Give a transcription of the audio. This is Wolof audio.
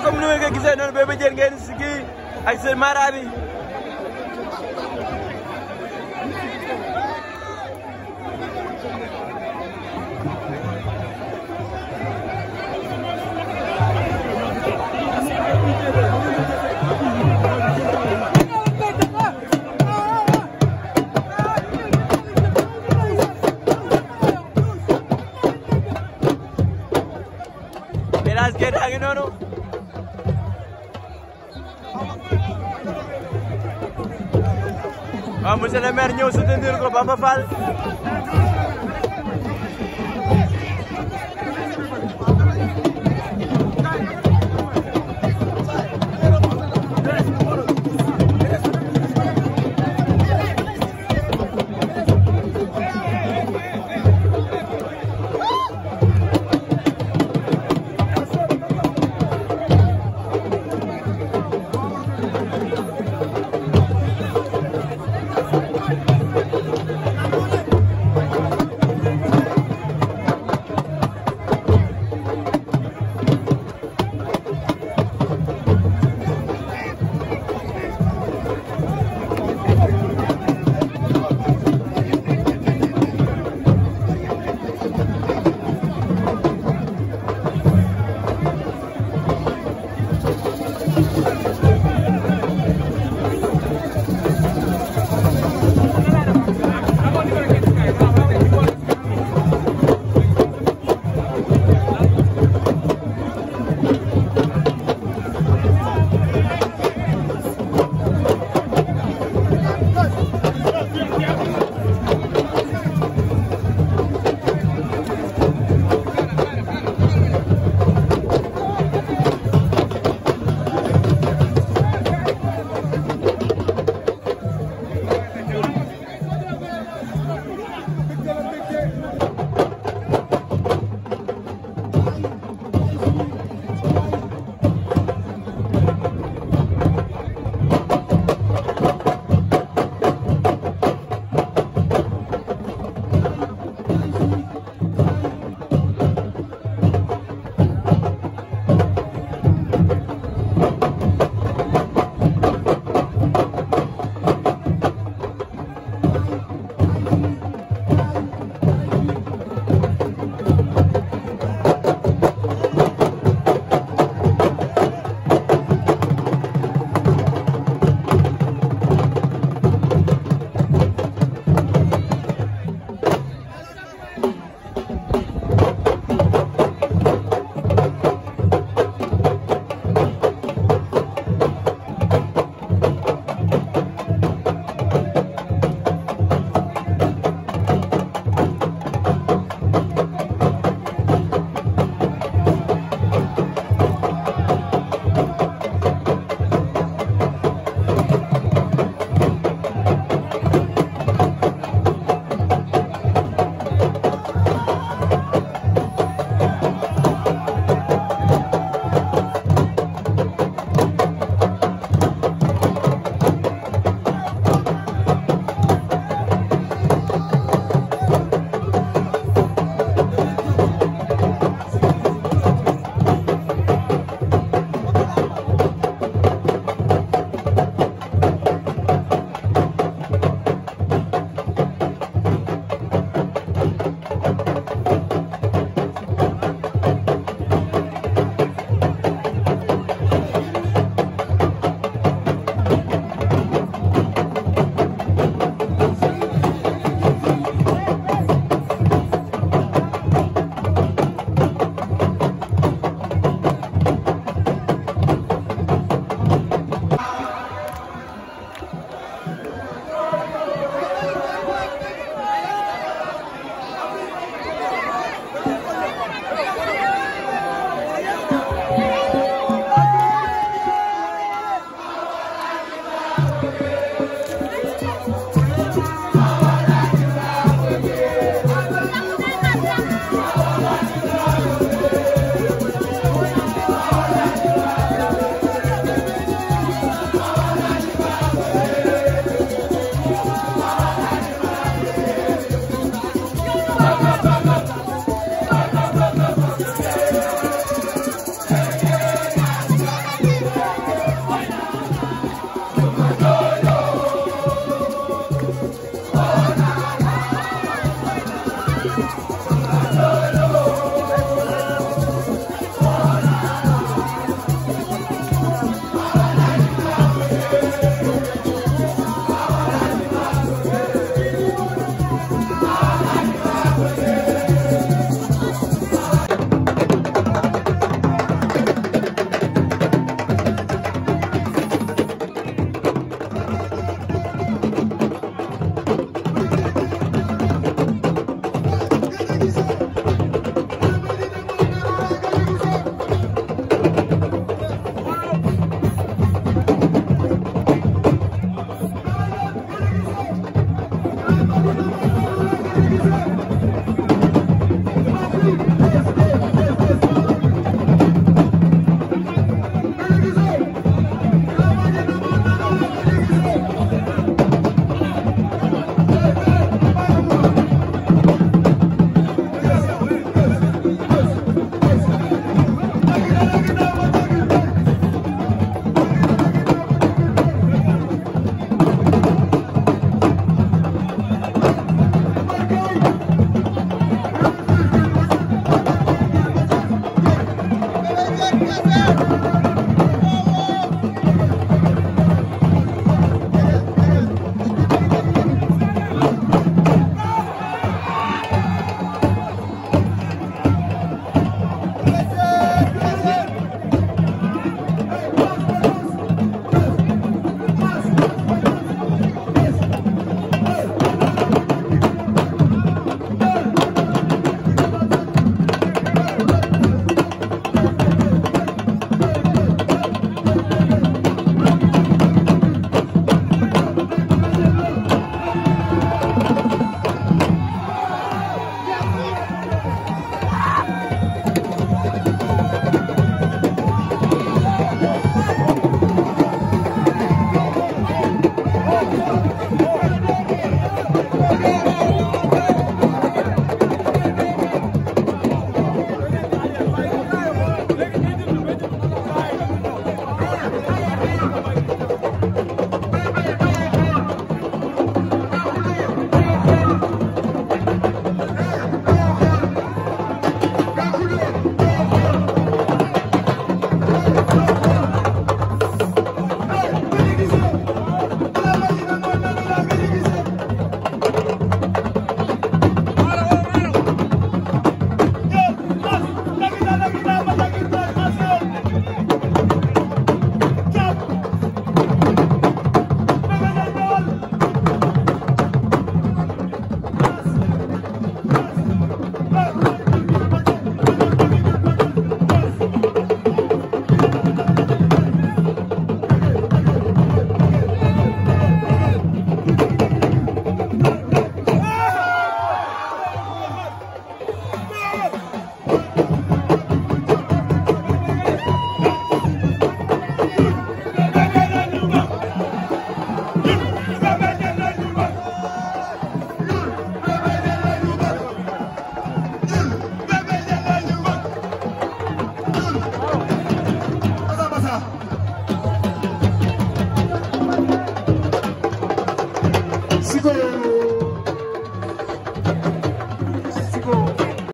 waaw comme ni ma ko gisee noonu Bébé Diène ngeen si kii ak seen mara bi Let's get hanging on. Vamos monsieur le maire ñëw soutenir o Bamba Fall